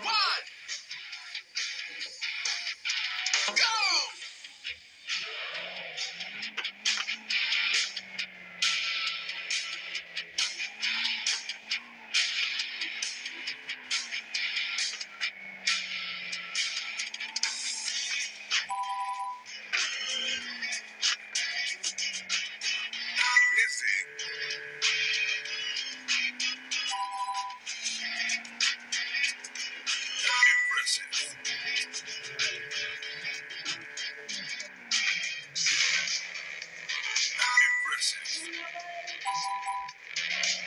One. Thank you.